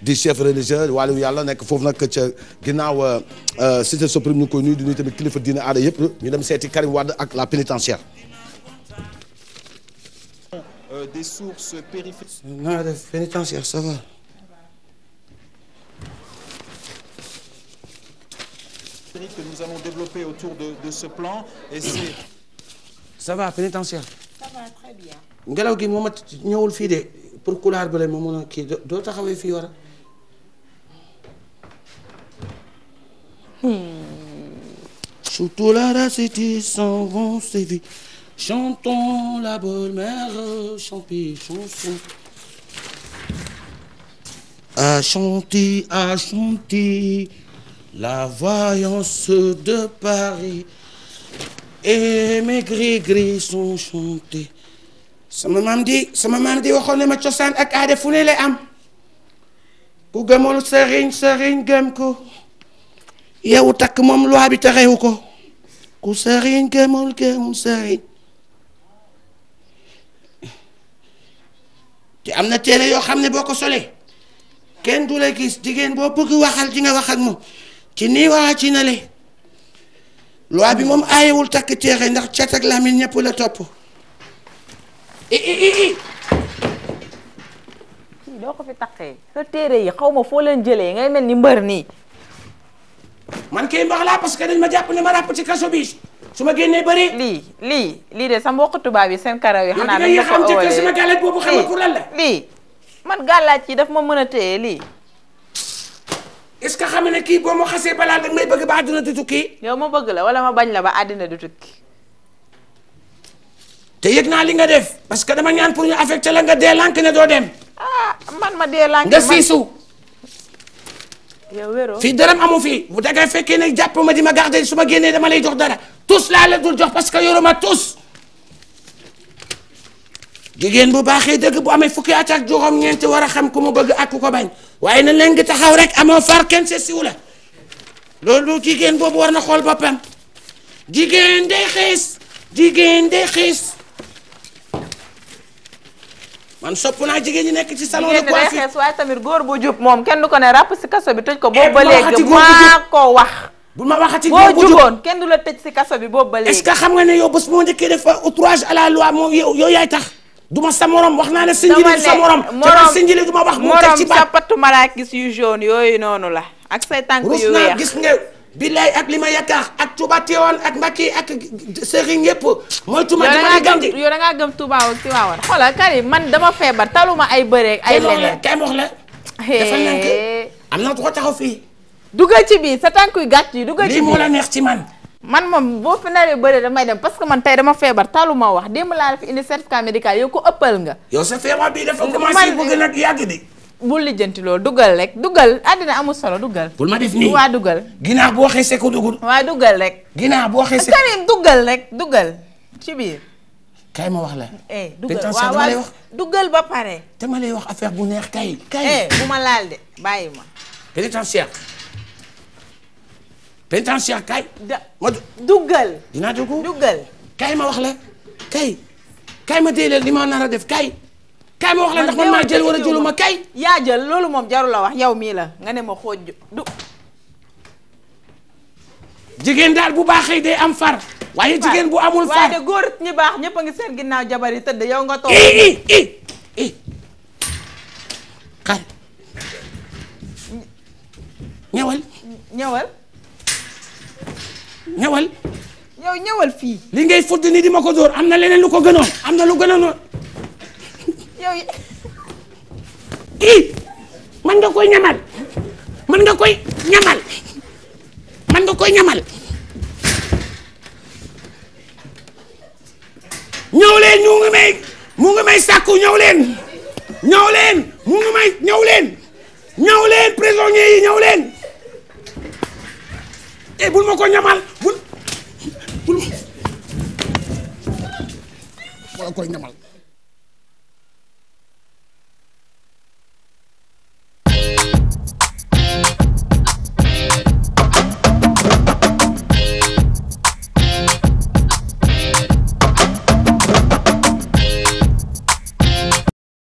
di chef religieux wàllu yàlla nekk foofu nag ca ginnaaw euh, euh, cité suprême ñu koy nuyu di nuyu tamit kilifa diina aada yëpp ñu dem seeti Karim Wade ak la pénitentiaire euh, des sources périphériques. na nga def pénitentiaire gi moom a ñëwul fii de. pour couloir bi la ma mën a kii doo taxawee la hmm. racité s'en vont c'est vite bonne mère chanter chanson. à chanter à chanter la voyance de Paris et mes gris-gris sont chantés. sama maam di sama maam di waxoon ne ma cosaan ak aada fu ne lay am ku gëmul sëriñ sëriñ gëm ko yow takk moom loi bi taxewu ko ku sëriñ gëmul gëm sëriñ te am na téere yoo xam ne boo ko sole kenn du la gis jigéen boo bëgg waxal di nga wax ak moom ci nii waa na le loi bi moom aayewul takk téere ndax cat ak làmmiñ ñëpp la topp Eh, eh, eh, kii doo ko fi taqee sa téere yi xaw ma foo leen jëlee ngay mel ni mbër nii man kay mbax laa parce que dañ ma jàpp ne ma ràpp ci kaso bi su ma génnee bëri lii lii lii de sa mbokk tubaab yi seen karaw yi xanaa dañ ko ëwalee sama gàllaaj boobu xam nga pour lan la lii man gàllaaj ci daf ma mën a téye lii est-ce xam ne kii boo ma xasee balaa dag may bëgg ba àddina du tukki yow ma bëgg la wala ma bañ la ba àddina du tukki te yëg naa li nga def parce que dama ñaan pour ñu affecté la nga dee lànk ne doo dem. Ah, ma dee lànk nga siisu. yow wéroo amu fi bu dangay fekkee ne jàpp ma di ma gardé su ma génnee dama lay jox dara tous laa la dul jox parce que yoruma tous. jigéen bu baaxee dëgg bu amee fukki at ak juróom-ñeent war a xam ku mu bëgg ak ku ko bañ waaye na leen ngi taxaw rek amoo far kenn se siw la loolu jigéen boobu war na xool boppam jigéen day xiis jigéen day xiis. man sopp naa jigéen ñi nekk ci sa de coiffure jigéen ñi waaye tamit góor bu jub moom kenn du ko ne ràpp si kaso bi tëj ko. Eh, boobu ba léegi maa ko wax. bu ma waxati góor bu juboon kenn du la tëj si kaso bi boobu ba léegi. est-ce xam nga ne yow bés bu ma njëkkee def outrage à yaay tax. du ma sa morom wax naa ne. sama sa morom te man sinjili du ma wax. mu teg ci baat morom yu jaune yooyu noonu la. ak say tànk yu weex gis nga billaay ak li ma yaakaar ak Touba Tiwaawan ak Mbacke ak sëriñ yëpp mooy tuma jamono gandi yow da ngaa gëm Touba ak Tiwaawan xoolal Karim man dama feebar taluma ay bëreeg ay leneen kay wax la dafa nank am na ko taxaw fii dugal ci biir sa tànkuy gàtt yi dugal ci biir lii moo la neex ci man man moom boo fi naree bëri damay dem parce que man tey dama feebar taluma wax démb laa la fi indi certificat médical yow ko ëppal nga yow sa feebar bi dafa commencé bëgg nag yàgg di bul lijjanti loolu dugal rek dugal àddina amul solo dugal. bul ma def nii waa dugal. ginnaaw boo xeesee ko dugul. waa dugal rek. ginnaaw boo Karim dugal rek kay ma wax la. eh dugal ba pare. te ma wax affaire bu neex kay. kay eh, ma laal de ma. pénitentiaire pénitentiaire ma dugal. dinaa dugg dugal. kay ma wax la kay kay ma dee li ma nar a def kay. kaay wax la ndax man maa jël war a jëluma kay. yaa jël loolu moom jarul la wax yow mii la nga ne ma xooj du. jigéen daal bu baaxee day am far. waaye jigéen bu amul far waaye de góor baax ñëpp a ngi seen ginnaaw jabari tëdd yow nga toog. i i i xar ñëwal. ñëwal. ñëwal. fii. li ngay fudd ni di ma ko dóor am na leneen lu ko gënoon am na lu gënoon. yow i man nga koy ñamal man nga koy ñamal man nga koy ñamal ñëw leen ñu ngi may mu ngi may sàkku ñëw leen mu ngi may ñëw leen ñëw leen prisonniers yi eh, bul ma ko ñamal bul bul ma ko ñamal